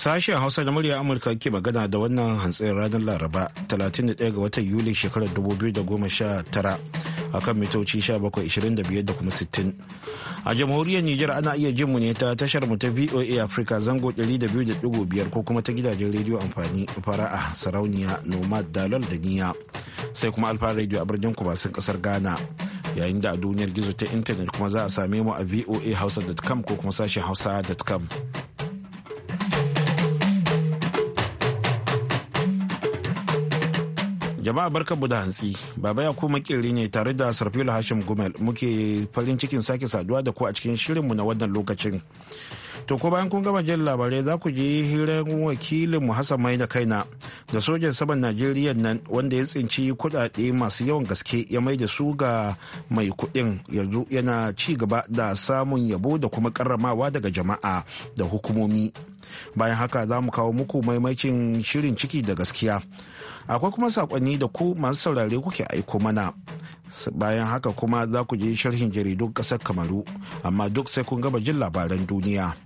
Sashen Hausa da murya Amurka ke magana da wannan hantsin ranar Laraba 31 ga watan Yuli shekarar 2019 akan mitoci 1725 da kuma 60. A jamhuriyar Nijar ana iya jin mu ne ta tashar mu ta VOA Africa zango 200.5 ko kuma ta gidajen rediyo amfani fara a sarauniya nomad dalal da niya sai kuma alfa rediyo a birnin kubasin kasar Ghana. Yayin da a duniyar gizo ta intanet kuma za a same mu a voahausa.com ko kuma sashen hausa.com. Jama'a barkanmu da hantsi, Baba ya kuma kiri ne tare da Sarfilo Hashim Gumel muke farin cikin sake saduwa da ku a cikin shirinmu na wannan lokacin. To ko bayan kun gama jin labarai za ku je hirar wakilin mu Hassan na Kaina da sojan saman Najeriya nan wanda ya tsinci kuɗaɗe masu yawan gaske ya mai da su ga mai kuɗin yanzu yana ci gaba da samun yabo da kuma karramawa daga jama'a da hukumomi. Bayan haka za mu kawo muku maimakin shirin ciki da gaskiya. Akwai kuma sakonni da ku masu saurare kuke aiko mana. Bayan haka kuma za ku je sharhin jaridun ƙasar Kamaru, amma duk sai kun gama jin labaran duniya.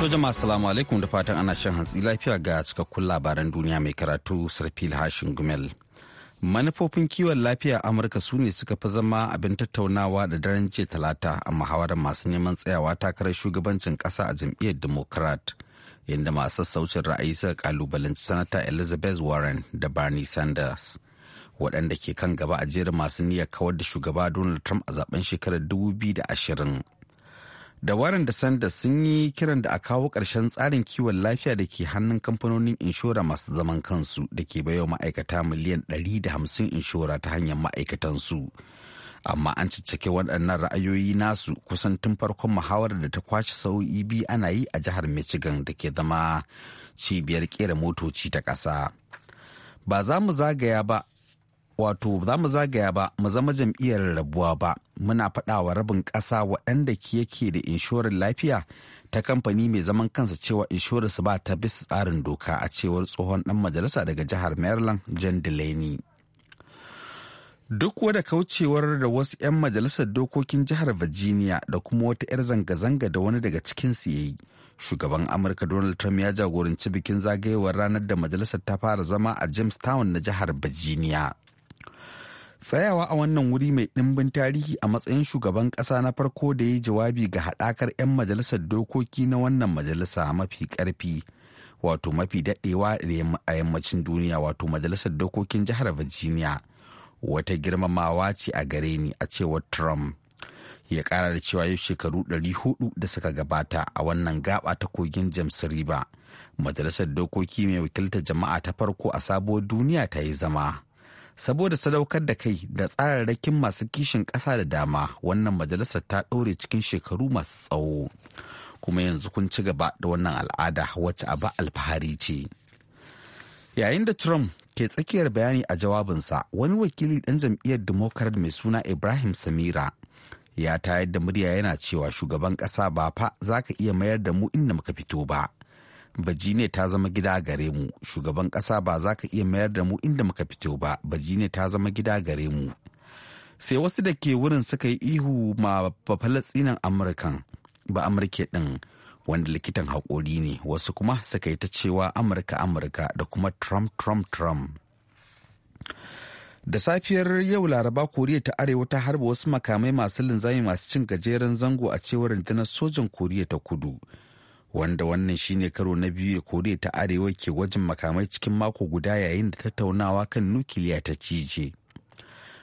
To jama'a salamu alaikum da fatan ana shan hantsi lafiya ga cikakkun labaran duniya mai karatu sarfil hashin gumel. Manufofin kiwon lafiya a Amurka su ne suka fi zama abin tattaunawa da daren jiya talata a muhawarar masu neman tsayawa takarar shugabancin ƙasa a jam'iyyar Democrat. Inda masu sassaucin ra'ayi suka kalubalanci sanata Elizabeth Warren da Bernie Sanders. waɗanda ke kan gaba a jerin masu niyyar kawar da shugaba donald trump a zaben shekarar 2020 da warren da sanders sun yi kiran da a kawo ƙarshen tsarin kiwon lafiya da ke hannun kamfanonin inshora masu zaman kansu da ke baiwa ma'aikata miliyan 150 inshora ta hanyar ma'aikatansu amma an ciccike waɗannan ra'ayoyi nasu kusan tun farkon muhawarar da ta kwashe sau'i biyu ana yi a jihar michigan da ke zama cibiyar kera motoci ta ƙasa ba za mu zagaya ba wato za mu zagaya ba mu zama jam'iyyar rabuwa ba muna faɗawa rabin ƙasa waɗanda ke yake da inshorar lafiya ta kamfani mai zaman kansa cewa inshorar su ba ta bisa tsarin doka a cewar tsohon ɗan majalisa daga jihar maryland john delaney duk wadda kaucewar da wasu 'yan majalisar dokokin jihar virginia da kuma wata 'yar zanga-zanga da wani daga cikinsu ya yi shugaban amurka donald trump ya jagoranci bikin zagayewar ranar da majalisar ta fara zama a jamestown na jihar virginia tsayawa a wannan wuri mai ɗimbin tarihi a matsayin shugaban ƙasa na farko da ya jawabi ga haɗakar 'yan majalisar dokoki na wannan majalisa mafi ƙarfi wato mafi daɗewa a yammacin duniya wato majalisar dokokin jihar virginia wata girmamawa ce a gare ni a cewar trump ya ƙara da cewa yau shekaru 400 da suka gabata a wannan gaba ta kogin james river majalisar dokoki mai wakiltar jama'a ta farko a sabuwar duniya ta yi zama saboda sadaukar da kai da tsararrakin masu kishin ƙasa da dama wannan majalisar ta ɗore cikin shekaru masu tsawo kuma yanzu kun ci gaba da wannan al'ada wacce a ba alfahari ce yayin da trump ke tsakiyar bayani a jawabinsa wani wakili ɗan jam'iyyar democrat mai suna ibrahim samira ya tayar da murya yana cewa shugaban ƙasa ba fa za ka iya mayar da mu inda muka fito ba Virginia ta zama gida gare mu shugaban ƙasa ba za ka iya mayar da mu inda muka fito ba Virginia ta zama gida gare mu sai wasu da ke wurin suka yi ihu ma falastinan amurkan ba amurke ɗin wanda likitan haƙori ne wasu kuma suka yi ta cewa amurka amurka da kuma trump trump trump da safiyar yau laraba koriya ta arewa ta harba wasu makamai masu linzami masu cin gajeren zango a cewar rundunar sojan koriya ta kudu wanda wannan shine karo na biyu da koriya ta arewa ke gwajin makamai cikin mako guda yayin da tattaunawa kan nukiliya ta cije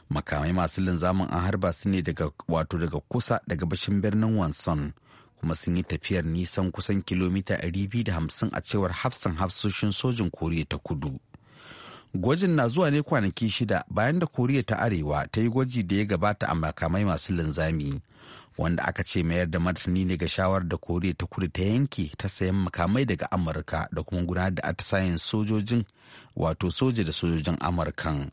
makamai masu linzamin an harba su ne daga wato daga kusa da gabashin birnin wanson kuma sun yi tafiyar nisan kusan kilomita 250 a cewar hafsan hafsoshin sojin koriya ta kudu gwajin na zuwa ne kwanaki shida bayan da koriya ta arewa ta yi gwaji da ya gabata a makamai masu linzami wanda aka ce mayar da martani ne ga shawarar da koriya ta kudu ta yanke ta sayan makamai daga amurka da kuma gudanar da atisayen sojojin wato soja da sojojin amurkan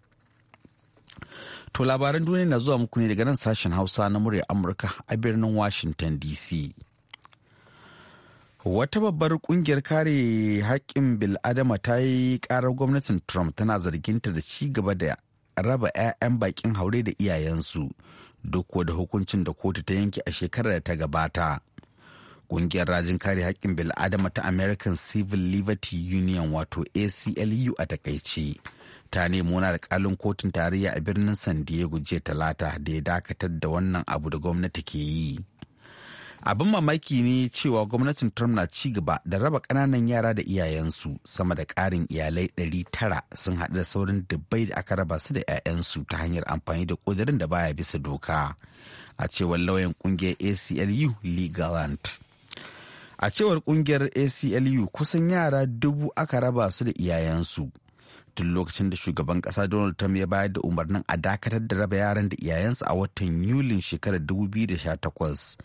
to labaran duniya na zuwa muku ne daga nan sashen hausa na murya amurka a birnin washington dc wata babbar kungiyar kare haƙƙin bil'adama ta yi ƙarar gwamnatin trump tana zarginta da ci gaba da raba 'ya'yan baƙin haure da iyayensu duk da hukuncin da kotu ta yanke a shekarar da ta gabata ƙungiyar rajin kare haƙƙin bil'adama ta american civil liberty union wato aclu a takaice ta nemo na alƙalin kotun tarayya a birnin san diego jiya talata da ya dakatar da wannan abu da gwamnati ke yi abin mamaki ne cewa gwamnatin trump na ci gaba da raba kananan yara da iyayensu sama da ƙarin iyalai 900 sun haɗu da saurin dubbai da aka raba su da 'ya'yansu ta hanyar amfani da ƙudurin da baya bisa doka a cewar lauyan ƙungiyar aclu legaland. a cewar ƙungiyar aclu kusan yara dubu aka raba su da iyayensu tun lokacin da shugaban kasa donald trump ya bayar da umarnin a dakatar da raba yaran da iyayensu a watan yulin shekarar 2018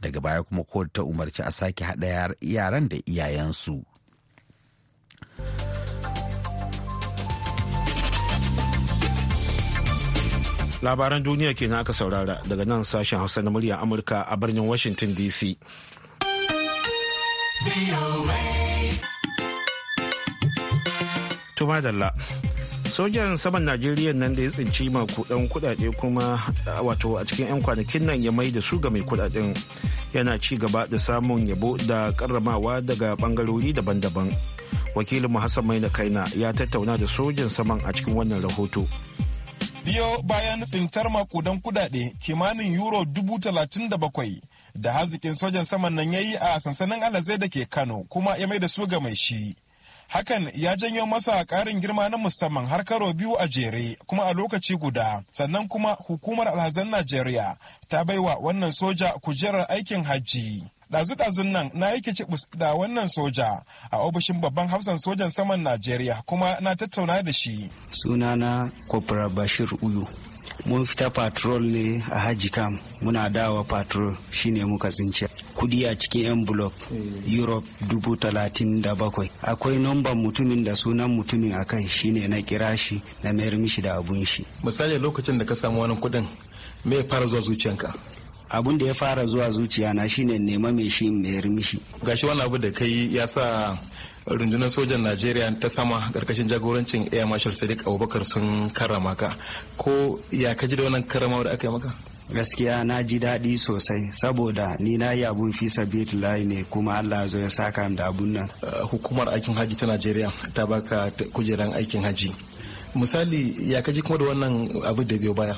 daga baya kuma kotu ta umarci a sake haɗa yaran da iyayensu labaran duniya kenan aka saurara daga nan sashen hausa na murya amurka a birnin washington dc tumadalla sojan saman najeriya nan da ya tsinci makudan kudade kuma wato a cikin 'yan kwanakin nan ya mai da su ga mai kudaden yana ci gaba da samun yabo da karramawa daga bangarori daban-daban wakilin hassan mai na kaina ya tattauna da sojan saman a cikin wannan rahoto biyo bayan tsintar makudan kudade kimanin euro dubu talatin da bakwai da hazikin sojan saman nan ya yi a sansanin alazai da ke kano kuma ya mai da su ga mai shi hakan ya janyo masa ƙarin girma na musamman har karo biyu a jere kuma a lokaci guda sannan kuma hukumar alhazan najeriya ta baiwa wannan soja kujerar aikin hajji ɗazu-ɗazun nan na yi kicibus da wannan soja a ofishin babban hafsan sojan saman najeriya kuma na tattauna da shi sunana kwabra bashir uyu mun fita patrol ne a haji kam muna dawa patrol shine muka tsince kudi a cikin envelope eh. europe dubu talatin da bakwai akwai nomban mutumin da sunan mutumin akan shine na kira shi na mayar mishi da abun shi misali lokacin da ka samu wani kudin me ya fara zuwa zuciyanka abun da ya fara zuwa zuciya na shine nema mai shi mayar mishi gashi wani abu da kai ya sa rundunar sojan najeriya ta sama karkashin jagorancin air marshal sadiq abubakar sun karrama ka ko ya kaji da wannan karama da aka yi maka gaskiya na ji daɗi sosai saboda ni na yi abun fi sabilillahi ne kuma Allah zo ya saka da abun nan uh, hukumar aikin haji ta Najeriya ta baka kujeran aikin haji misali ya kaji kuma da wannan abu da biyo baya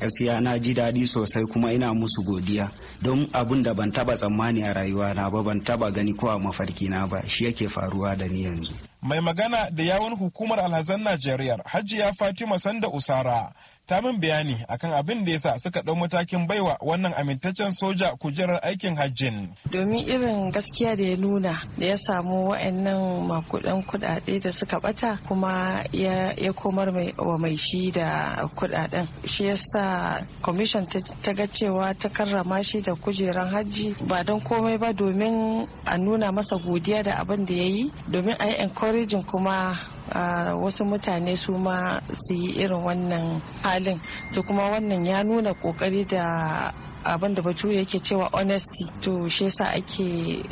gaskiya na ji daɗi sosai kuma ina musu godiya don abun da ban taba tsammani a rayuwa na ba ban taba gani ko a mafarki na ba shi yake faruwa da ni yanzu mai magana da yawon hukumar alhazan najeriya ya fatima sanda usara ta min bayani akan abin da yasa suka ɗau matakin baiwa wannan amintaccen soja kujerar aikin hajjin. Domin irin gaskiya da ya nuna da ya samu wa'annan makudan kudade da suka bata kuma ya komar wa mai shi da kuɗaɗen. Shi yasa kwamishin ta ga cewa ta karrama shi da kujerar hajji ba don komai ba domin a nuna masa godiya da abin da ya yi domin a yi encouraging kuma wasu mutane su ma su yi irin wannan halin to kuma wannan ya nuna kokari da abin da bature yake cewa honesty to shi yasa ake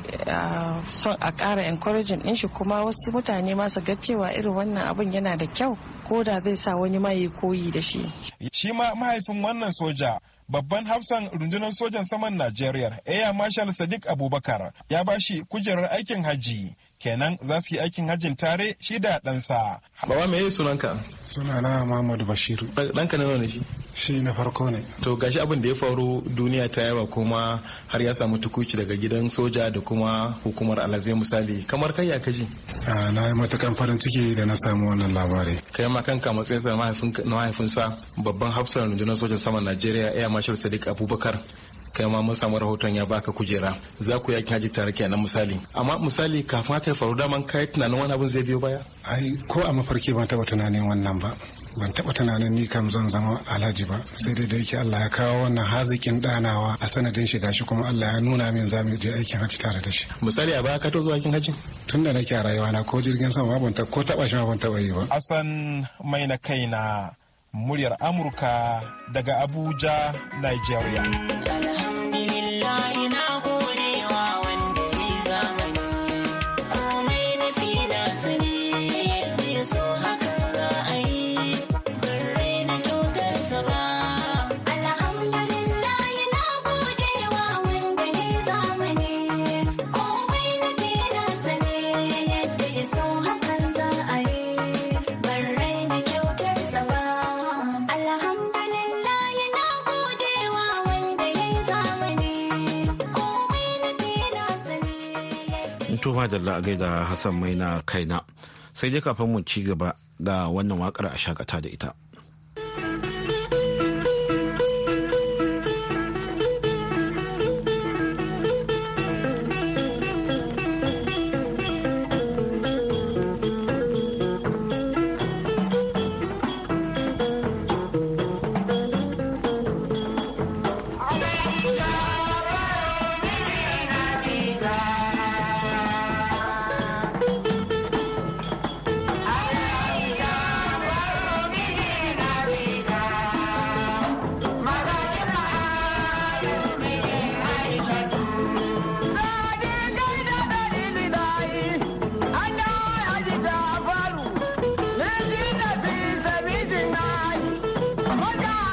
son a ƙara encouraging din shi kuma wasu mutane ma su ga cewa irin wannan abin yana da kyau ko da zai sa wani ma yi koyi da shi shi ma mahaifin wannan soja babban hafsan rundunar sojan saman najeriya air marshal sadiq abubakar ya bashi kujerar aikin hajji kenan za su yi aikin hajjin tare shi da ɗansa. Baba me yi sunanka? Sunana Muhammadu Bashiru. Ɗanka nawa ne shi? Shi na farko ne. To gashi abin da ya faru duniya ta yawa kuma har ya samu tukuci daga gidan soja da kuma hukumar alazai misali kamar kai ya kaji. Na yi matakan farin ciki da na samu wannan labari. Kai ma kanka matsayin na mahaifinsa babban hafsar rundunar sojan saman Najeriya Air Marshal Sadiq Abubakar kai ma mun samu rahoton ya baka kujera za ku yakin haji tare kenan misali amma misali kafin haka ya faru daman kai tunanin wani abin zai biyo baya ai ko a mafarki ban taɓa tunanin wannan ba ban taɓa tunanin ni kam zan zama alhaji ba sai dai da yake Allah ya kawo wannan hazikin ɗanawa a sanadin shiga shi kuma Allah ya nuna min za mu je aikin haji tare da shi misali a baya ka to zuwa aikin haji. tun da nake a rayuwa na ko jirgin sama ban ta ko taɓa shi ban taɓa yi ba asan mai na kaina muryar Amurka daga Abuja Nigeria Tufa da la'agai da Hassan na kaina. Sai dai kafin mu ci gaba da wannan wakar a shakata da ita. 玩家。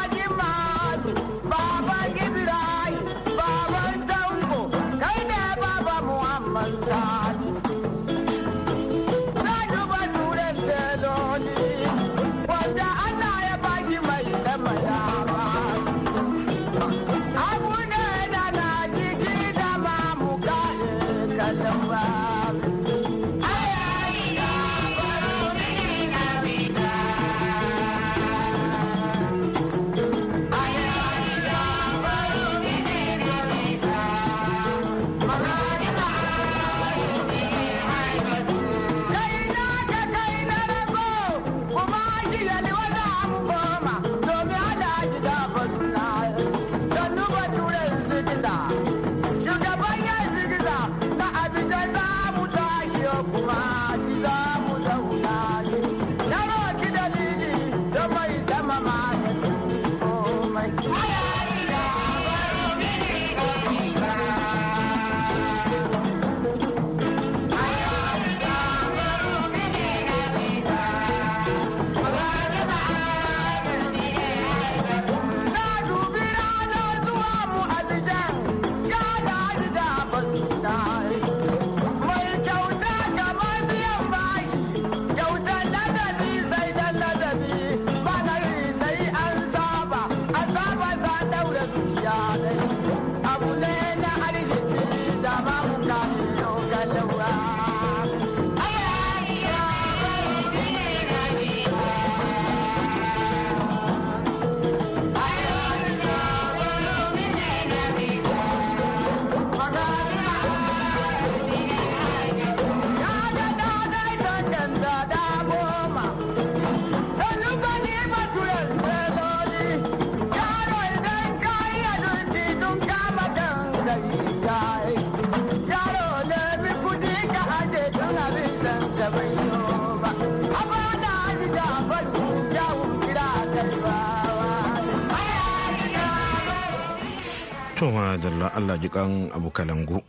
To madalla Allah jikan abu kalangu.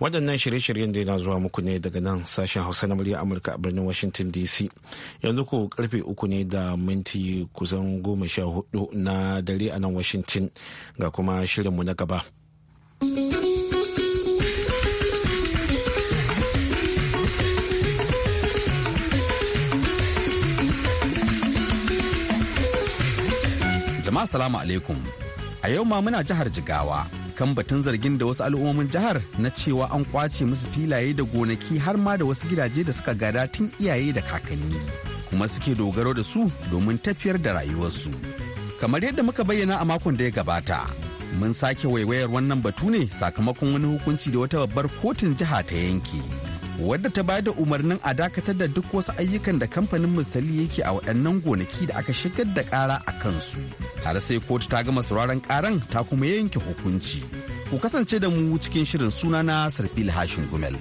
Waɗannan shirye-shiryen da yana zuwa muku ne daga nan sashen Hausa na murya Amurka a birnin Washington DC. Yanzu ku karfe uku ne da minti kusan goma sha hudu na dare a nan Washington ga kuma shirinmu na gaba. Jama'a salamu alaikum. A yau ma muna jihar Jigawa kan batun zargin da wasu al'ummomin jihar na cewa an kwace musu filaye da gonaki har ma da wasu gidaje da suka gada tun iyaye da kakanni kuma suke dogaro da su domin tafiyar da rayuwarsu. Kamar yadda muka bayyana a makon da ya gabata, mun sake waiwayar wannan batu ne sakamakon wani hukunci da wata babbar kotun jiha ta yanke. wadda ta da umarnin a dakatar da duk wasu ayyukan da kamfanin mustali yake a waɗannan gonaki da aka shigar da ƙara a kansu har sai kotu ta gama sauraron ƙaran ta kuma yanke hukunci ku kasance da mu cikin shirin sunana sarfil hashin gumel.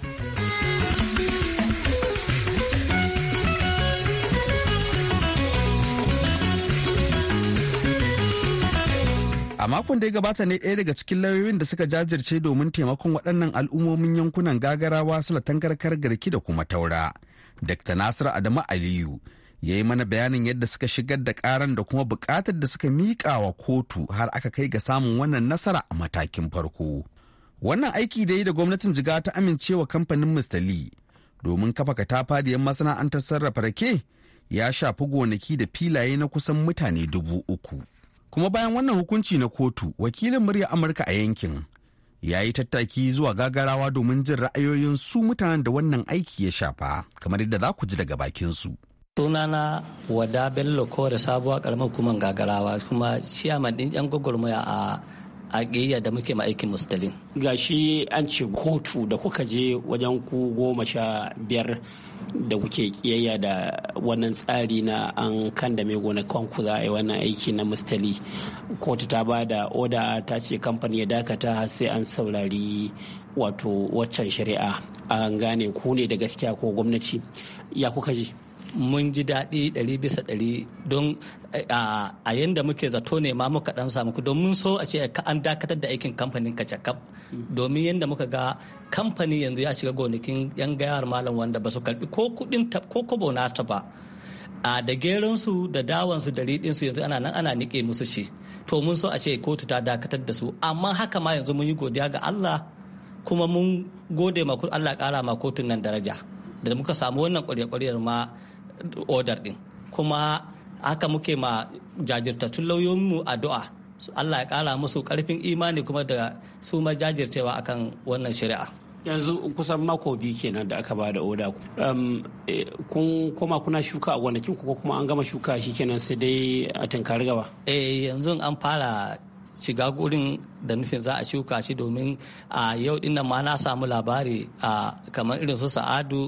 a makon da ya gabata ne ɗaya daga cikin lauyoyin da suka jajirce domin taimakon waɗannan al'ummomin yankunan gagarawa sulatan karkar garki da kuma taura dr Nasiru adamu aliyu ya yi mana bayanin yadda suka shigar da karan da kuma buƙatar da suka miƙa wa kotu har aka kai ga samun wannan nasara a matakin farko wannan aiki da yi da gwamnatin jiga ta amincewa kamfanin mr lee domin kafa katafariyar masana'antar sarrafa rake ya shafi gonaki da filaye na kusan mutane dubu uku kuma bayan wannan hukunci na kotu wakilin murya amurka a yankin ya yi tattaki zuwa gagarawa domin jin ra'ayoyin su mutanen da wannan aiki ya shafa kamar yadda za ku ji daga bakin su sunana wada bello kore sabuwa karamar hukumar gagarawa kuma shi a madin yan gwagwarmaya a a ƙiyayya da muke ma'aikin mustalin. Gashi an ce kotu da kuka je wajen ku goma sha biyar da kuke ƙiyayya da wannan tsari na an kandame gonakan ku za a yi wannan aiki na mustali. Kotu ta ba da oda ta ce kamfani ya dakata sai an saurari wato waccan shari'a an gane ku ne da gaskiya ko gwamnati ya kuka je. mun ji daɗi ɗari bisa ɗari don a yanda muke zato ne ma muka ɗan samu don mun so a ce an dakatar da aikin kamfanin kacakaf domin yanda muka ga kamfani yanzu ya shiga gonakin yan gayar malam wanda ba su karbi ko kuɗin ko kobo nasta ba a da geransu da dawansu da riɗinsu yanzu ana nan ana niƙe musu shi to mun so a ce kotu ta dakatar da su amma haka ma yanzu mun yi godiya ga Allah kuma mun gode ma Allah ƙara ma kotun nan daraja da muka samu wannan ƙwarya-ƙwaryar ma order din kuma haka muke ma jajirtattun lauyoyinmu addu'a Allah ya kara musu karfin imani kuma da su ma jajircewa akan wannan shari'a yanzu kusan mako biyu kenan da aka ba da oda um, eh, kun koma kuna shuka a gonakin ko kuma an gama shuka shi kenan sai dai a tankar gaba eh yanzu an fara shiga gurin da nufin za a shuka shi domin a yau din nan ma na samu labari a kamar irin su sa'adu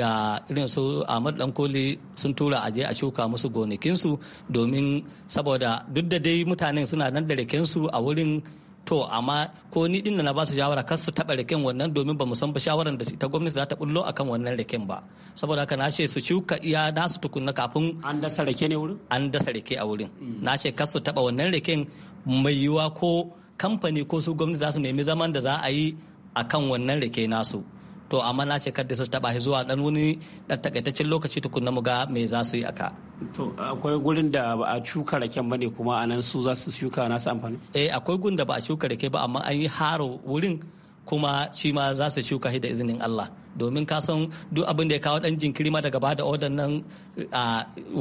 da irin su ahmad dan koli sun tura aje a shuka musu gonakinsu domin saboda duk da dai mutanen suna nan da rakensu a wurin to amma ko ni din na ba su shawara kar su taba raken wannan domin ba mu san ba shawaran da ta gwamnati za ta bullo akan wannan raken ba saboda haka na ce su shuka iya nasu tukunna kafin an dasa rake ne wurin an dasa rake a wurin na ce kar su taba wannan raken mai yiwuwa ko kamfani ko su gwamnati za su nemi zaman da za a yi a kan wannan rake nasu to amma na shekar da su taba shi zuwa dan wani dan takaitaccen lokaci tukunna mu ga me za su yi aka to akwai gurin da ba a shuka raken ne kuma anan su za su shuka na su amfani eh akwai gurin da ba a shuka rake ba amma an yi haro wurin kuma shi ma za su shuka shi da izinin Allah domin ka san duk abin da ya kawo dan jinkiri ma daga bada odan nan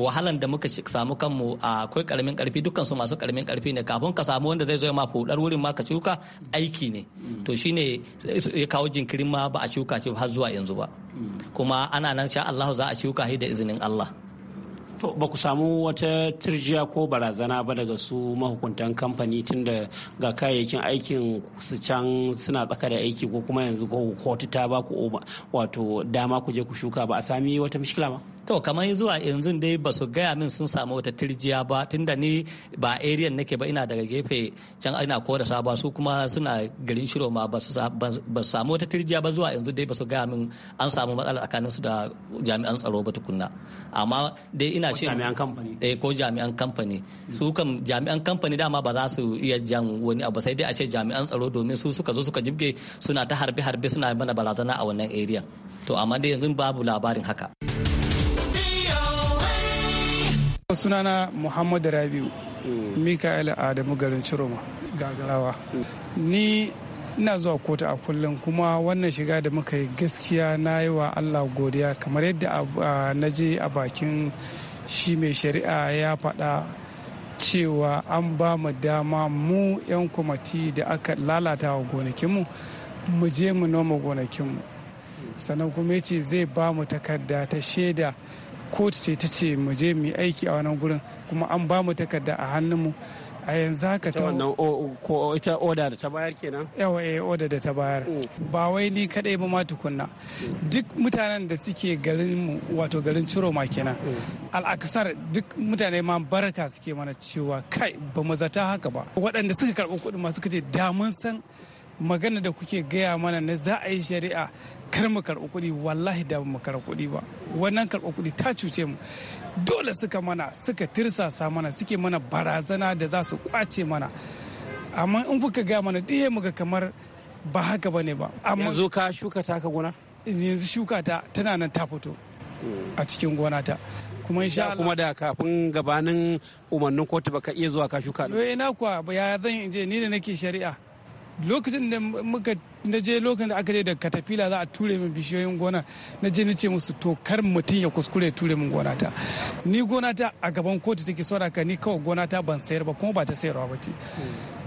wahalan da muka samu kanmu akwai karamin karfi dukkan su masu karamin karfi ne kafin ka samu wanda zai zo ma fudar wurin ma ka shuka aiki ne to shine ya kawo jinkirin ma ba a shuka shi har zuwa yanzu ba mm. kuma ana nan sha Allah za a shuka shi da izinin Allah To ba ku samu wata turjiya ko barazana ba daga su mahukuntan kamfani tunda ga kayayyakin aikin su can suna tsaka da aiki ko kuma yanzu ko kotu ta ba ku wato dama ku je ku shuka ba a sami wata mishkila ba? to kamar zuwa yanzu dai ba su gaya min sun samu wata tirjiya ba tunda ni ba area nake ba ina daga gefe can ina sa ba su kuma suna garin shiro ma ba su samu wata tirjiya ba zuwa yanzu dai ba su gaya min an samu matsala tsakanin su da jami'an tsaro ba tukunna amma dai ina shi jami'an kamfani eh ko jami'an kamfani su kan jami'an kamfani dama ba za su iya jan wani abu sai dai a ce jami'an tsaro domin su suka zo suka jibge suna ta harbe harbe suna mana barazana a wannan area to amma dai yanzu babu labarin haka sunana muhammadu rabiu hmm. mikael adamu garin ciroma gagarawa hmm. ni ina zuwa kotu a kullum kuma wannan shiga da muka yi gaskiya na yi wa allah godiya kamar yadda na je a bakin shi mai shari'a ya faɗa cewa an ba mu dama mu 'yan kwamati da aka lalata wa gonakinmu mu je mu noma gonakinmu sannan kuma ya ce zai ba mu takarda ta shaida kotu ce ta ce mu je mu aiki a wannan gurin kuma an ba mu takarda a hannunmu a yanzu haka ta wannan ko ita oda da ta bayar kenan yawa eh oda da ta bayar mm. ba wai ni kadai ba ma tukunna mm. duk mutanen da suke garin mu wato garin ciro ma kenan mm. al'aksar duk mutane ma baraka suke mana cewa kai ba mu zata haka ba waɗanda suka karɓi kuɗin ma suka ce da mun san magana da kuke gaya mana na za a yi shari'a kar mu karɓi kuɗi wallahi da mu karɓi kuɗi ba wannan karɓi kuɗi ta cuce mu dole suka mana suka tirsasa mana suke mana barazana da za su kwace mana amma in kuka gaya mana duk muka kamar ba haka bane ba amma yanzu ka shuka ta ka gona yanzu shuka ta tana nan ta fito a cikin gona ta kuma insha Allah kuma da kafin gabanin umarnin kotu baka iya zuwa ka shuka ne eh, ina kuwa ya zan je ni da nake shari'a lokacin da muka na je lokacin da aka je da katafila za a ture min bishiyoyin gona na je ce musu to kar mutum ya kuskure ture min gonata ni gonata a gaban kotu take saboda ka ni kawai gonata ban sayar ba kuma ba ta sayarwa ba ce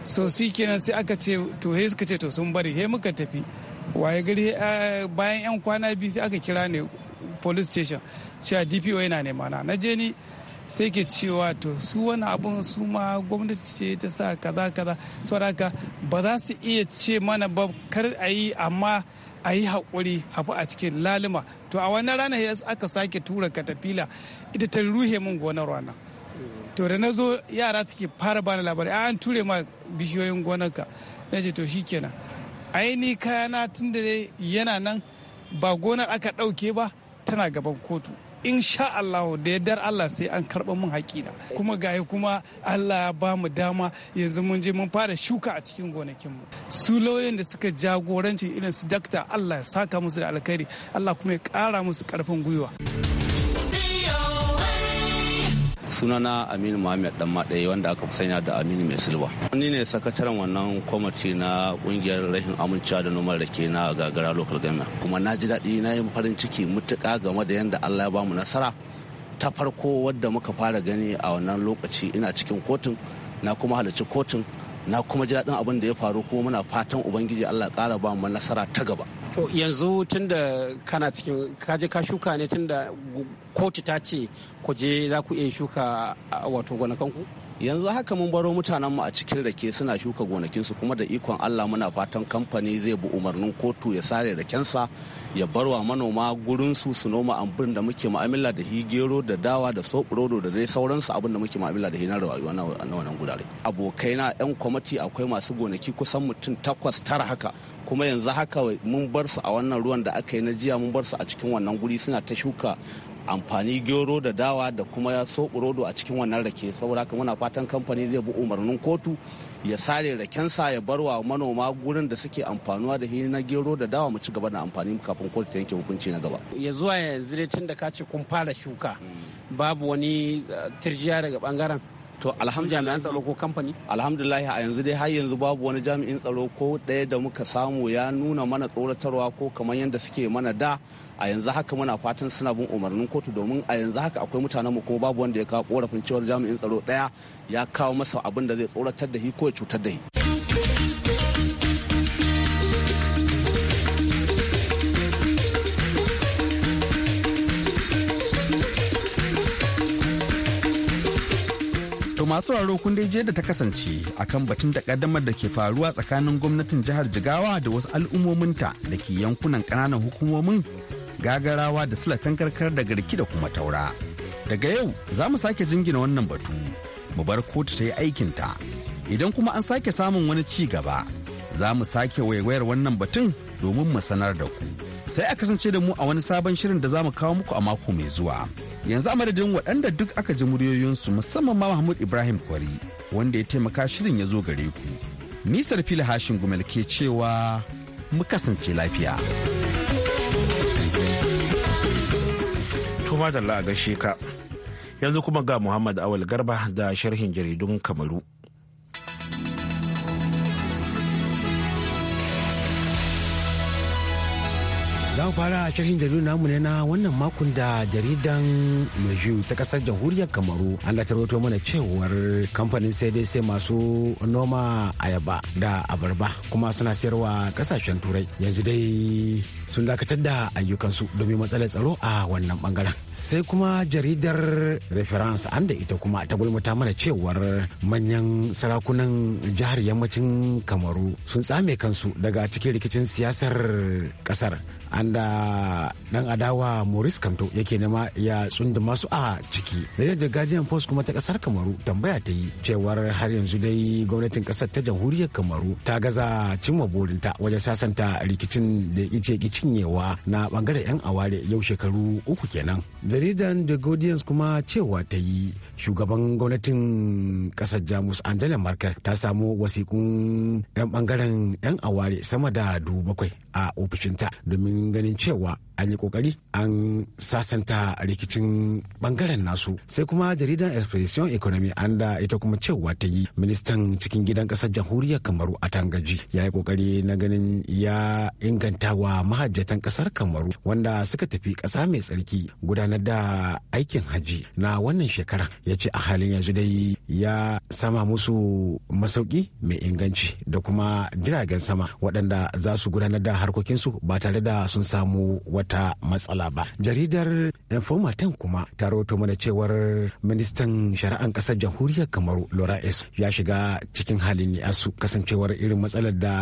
so si kenan sai aka ce to he suka ce to sun bari he muka tafi waye gari eh, bayan yan kwana biyu sai aka kira ne police station cewa dpo yana nema na na je ni sai ke cewa to su wani abun su ma gwamnati ce ta sa kaza kaza saboda ba za su iya ce mana ba kar a yi amma a yi haƙuri abu a cikin lalima to a wannan rana ya aka sake tura katafila ita ta ruhe min gona rana to da na zo yara suke fara bani labarai an ture ma bishiyoyin gonarka na ce to shikenan aini kayana tun da yana nan ba gonar aka ɗauke ba tana gaban kotu in sha Allah da yardar Allah sai an karɓa mun haƙina kuma ya kuma Allah ya ba mu dama yanzu mun je mun fara shuka a cikin gonakinmu su lauyoyin da suka jagoranci irin su dakta Allah ya saka musu da alkhairi Allah kuma ya ƙara musu karfin gwiwa. sunana aminu muhammad dan maɗaya wanda aka fi sanya da aminu mai silba ni ne sakataren wannan kwamiti na ƙungiyar rahin amincewa da noman rake na gagara local government kuma na ji daɗi na yi farin ciki mutuƙa game da yadda allah ya bamu nasara ta farko wadda muka fara gani a wannan lokaci ina cikin kotun na kuma halarci kotun na kuma ji daɗin abin da ya faru kuma muna fatan ubangiji allah ƙara ba mu nasara ta gaba yanzu tunda kana cikin kaje ka shuka ne tunda kotu ta ce ku je za ku iya shuka wato gonakanku yanzu haka mun baro mutanen mu a cikin rake suna shuka gonakinsu kuma da ikon allah muna fatan kamfani zai bi umarnin kotu ya sare rakensa ya barwa manoma gurin su su noma amfin da muke ma'amala da higero da dawa da soɓurodo da dai sauransu abin da muke ma'amala da hinar rayuwa na wannan gurare abokai na yan kwamati akwai masu gonaki kusan mutum takwas tara haka kuma yanzu haka mun bar su a wannan ruwan da aka yi na jiya mun bar su a cikin wannan guri suna ta shuka amfani gero da dawa da kuma ya so burodo a cikin wannan rake saboda haka muna fatan kamfani zai bi umarnin kotu ya sare rakensa ya bar wa manoma gurin da suke amfanuwa da hini na gero da dawa mu ci gaba da amfani kafin kotu ta yanke hukunci na gaba ya zuwa zire tun da ka ce kun fara shuka hmm. babu wani eh, tirjiya daga bangaren to alhamdulillah tsaro ko kamfani alhamdulillah a yanzu dai har yanzu babu wani jami'in tsaro ko ɗaya da muka samu ya nuna mana tsoratarwa ko kamar yadda suke mana da a yanzu haka muna fatan suna bin umarnin kotu domin a yanzu haka akwai mutanen mu ko babu wanda ya kawo korafin cewar jami'in tsaro ɗaya ya kawo masa abin da zai tsoratar da shi ko ya cutar da shi masu raro kun dai je da ta kasance akan batun da ƙaddamar da ke faruwa tsakanin gwamnatin jihar Jigawa da wasu al'ummominta da ke yankunan ƙananan hukumomin gagarawa da silatan karkar da garki da kuma taura. Daga yau za mu sake jingina wannan batu, mu bar kotu ta yi aikinta. Idan kuma an sake samun wani ci gaba, za mu sake waiwayar wannan batun domin mu sanar da ku. sai a kasance da mu a wani sabon shirin da za kawo muku a mako mai zuwa. Yanzu a madadin waɗanda duk aka ji muryoyinsu musamman ma Mahmud Ibrahim Kwari wanda ya taimaka shirin ya zo gare ku. Nisar fili hashin gumel ke cewa mu kasance lafiya. Tuma da gaishe ka. Yanzu kuma ga Muhammad Awal Garba da sharhin jaridun Kamaru. Za mu fara shirin jaridu namu ne na wannan makon da jaridan Meju ta kasar jamhuriyar Kamaru. An da tarwato mana cewar kamfanin sai dai sai masu noma ayaba da abarba kuma suna sayarwa kasashen turai. Yanzu dai sun dakatar da ayyukansu domin matsalar tsaro a wannan bangaren. Sai kuma jaridar reference an da ita kuma ta gulmata mana cewar manyan sarakunan jihar yammacin Kamaru sun tsame kansu daga cikin rikicin siyasar kasar anda da dan adawa moris kanto yake nema ya tsunduma su a ciki da guardian post kuma ta kasar kamaru tambaya ta yi cewar har yanzu dai gwamnatin kasar ta jamhuriyar kamaru ta gaza cimma burinta wajen sasanta rikicin da ya ki cinyewa na bangaren yan aware yau shekaru uku kenan jaridan the guardian kuma cewa ta yi shugaban gwamnatin kasar jamus angela merkel ta samu wasikun yan bangaren yan aware sama da dubu bakwai a ofishinta domin ganin cewa an yi kokari an sasanta rikicin bangaren nasu sai kuma jaridar expression economy an da ita kuma cewa ta yi ministan cikin gidan kasar jamhuriyar kamaru a tangaji ya yi kokari na ganin ya inganta wa mahajjatan kasar kamaru wanda suka tafi kasa mai tsarki gudanar da aikin haji na wannan shekara ya ce a halin yanzu dai ya sama musu masauki mai inganci da kuma jiragen sama waɗanda za su gudanar da harkokinsu ba tare da sun samu wata matsala ba jaridar informatin kuma ta rawaito mana cewar ministan shari'an ƙasar jamhuriyar kamaru lora s. ya shiga cikin halin su kasancewar irin matsalar da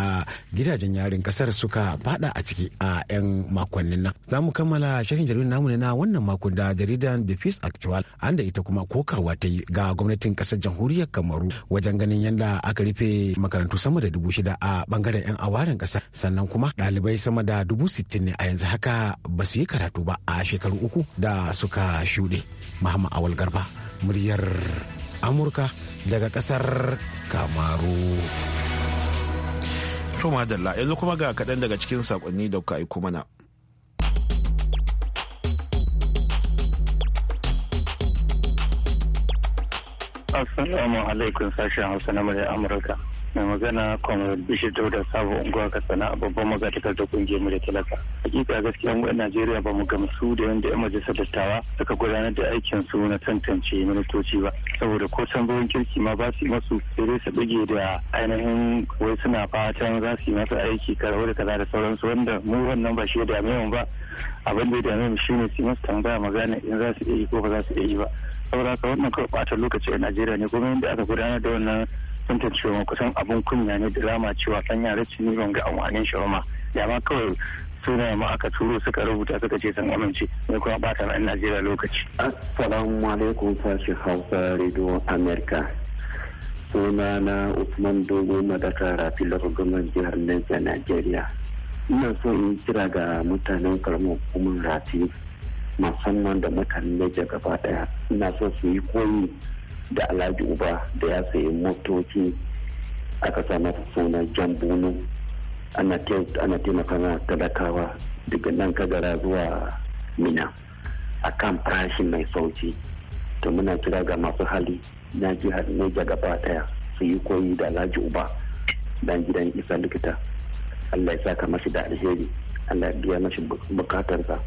gidajen yarin kasar. suka fada a ciki a 'yan makonnin nan za mu kammala shirin jaridar namu na wannan makon da jaridar the peace actual an da ita kuma kokawa ta yi ga gwamnatin ƙasar jamhuriyar kamaru wajen ganin yadda aka rufe makarantu sama da dubu shida a bangaren 'yan awaren ƙasa. sannan kuma ɗalibai sama da dubu sittin talatin ne a yanzu haka ba su yi karatu ba a shekaru uku da suka shuɗe muhammad awal garba muryar amurka daga ƙasar kamaru to madalla yanzu kuma ga kaɗan daga cikin saƙonni da kuka aiko mana Assalamu alaikum sashen Hausa na murya Amurka. Mai magana bishiyar da Dauda Sabo Unguwa kasana a babban magatakar da kungiyar murya talaka. Hakika gaskiya mu Najeriya ba mu gamsu da yadda 'yan majalisar dattawa suka gudanar da aikin su na tantance ministoci ba. Saboda ko tambayoyin kirki ma ba su yi masu sai su bige da ainihin wai suna fatan za su yi masa aiki karo da kaza da sauransu wanda mu wannan ba shi ya dame mu ba. Abin da ya dame mu ne su yi masu tambaya magana in za su iya yi ko ba za su iya yi ba. Saboda haka wannan kawai ɓata lokaci a najeriya ne kuma yadda aka gudanar da wannan tantancewa kusan abun kunya ne da lama cewa san yare ci ne ban ga amfanin shi da ma kawai suna ma aka turo suka rubuta suka ce san amince ne kuma ba ta na najeriya lokaci assalamu alaikum sashi hausa radio america suna na usman dogo madaka rafilar gwamnan jihar niger najeriya ina so in kira ga mutanen karamar hukumar rafi musamman da mutane niger gaba daya ina so su yi koyi da alhaji uba da ya sayi motoci aka sa suna jan bunu ana taimaka na talakawa daga nan kagara zuwa mina a kan farashin mai sauki to muna kira ga masu hali na jihar Niger gaba daya su yi koyi da alhaji uba dan gidan isa likita allah ya saka mashi da alheri allah biya mashi bukatarsa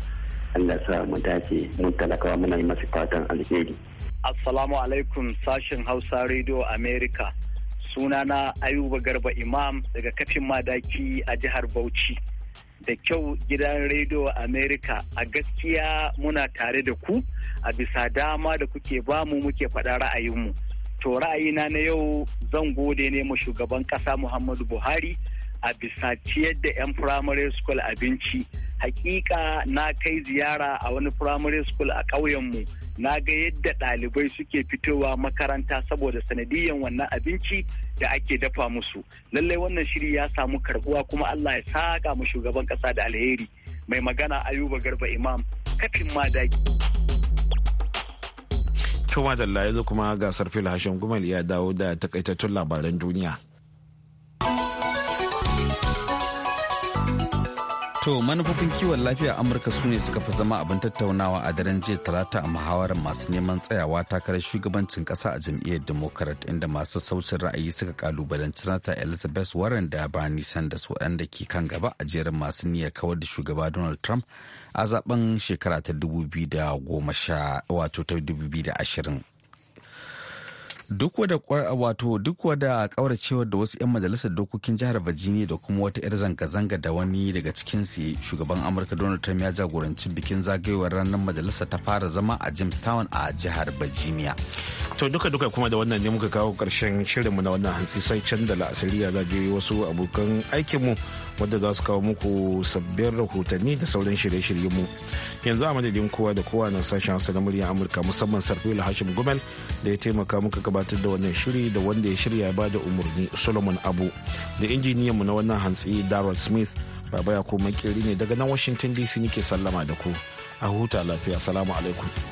allah ya sa mu dace mun talakawa muna yi masu fatan alheri Assalamu alaikum sashen Hausa Radio America. Sunana Ayuba Garba Imam daga kafin madaki a jihar Bauchi. Da kyau gidan Radio America a gaskiya muna tare da ku a bisa dama da kuke bamu muke faɗa ra'ayinmu. To ra'ayina na yau zan gode ne mu shugaban ƙasa Muhammadu Buhari a bisa ciyar da 'yan firamare school abinci hakika na kai ziyara a wani primary school a ƙauyenmu na ga yadda ɗalibai suke fitowa makaranta saboda sanadiyan wannan abinci da ake dafa musu lallai wannan shiri ya samu karbuwa kuma allah ya saka mu shugaban ƙasa da alheri mai magana ayuba garba imam kafin madaki to madalla yanzu kuma gasar filashen gumal ya dawo da takaitattun labaran duniya To manufofin kiwon lafiya Amurka su ne suka fi zama abin tattaunawa a daren jiya talata a muhawarar masu neman tsayawa takarar shugabancin kasa a jam'iyyar Democrat inda masu saucin ra'ayi suka kalubalanci nata Elizabeth Warren da Bernie Sanders waɗanda ke kan gaba a jerin masu niyya kawar da shugaba Donald Trump a zaben shekara ta 2020 wato ta 2020. duk wada wato duk wada kauracewar da wasu 'yan majalisar dokokin jihar Virginia da kuma wata 'yar zanga-zanga da wani daga cikin su shugaban Amurka Donald Trump ya jagoranci bikin zagayowar ranar majalisa ta fara zama a Jamestown a jihar Virginia. To duka duka kuma da wannan ne muka kawo karshen shirinmu na wannan hantsi sai can da la'asariya za wasu abokan aikinmu wadda za su kawo muku sabbin rahotanni da sauran shirye-shiryenmu yanzu a madadin kowa da kowa na sashen hasa na muryar amurka musamman sarfila hashim gumel da ya taimaka muka gabatar da wannan shiri da wanda ya shirya ba da umarni solomon abu da injiniyanmu na wannan hantsi darrell smith baba ya ko makeri ne daga nan washington dc nike sallama da ku a huta lafiya salamu alaikum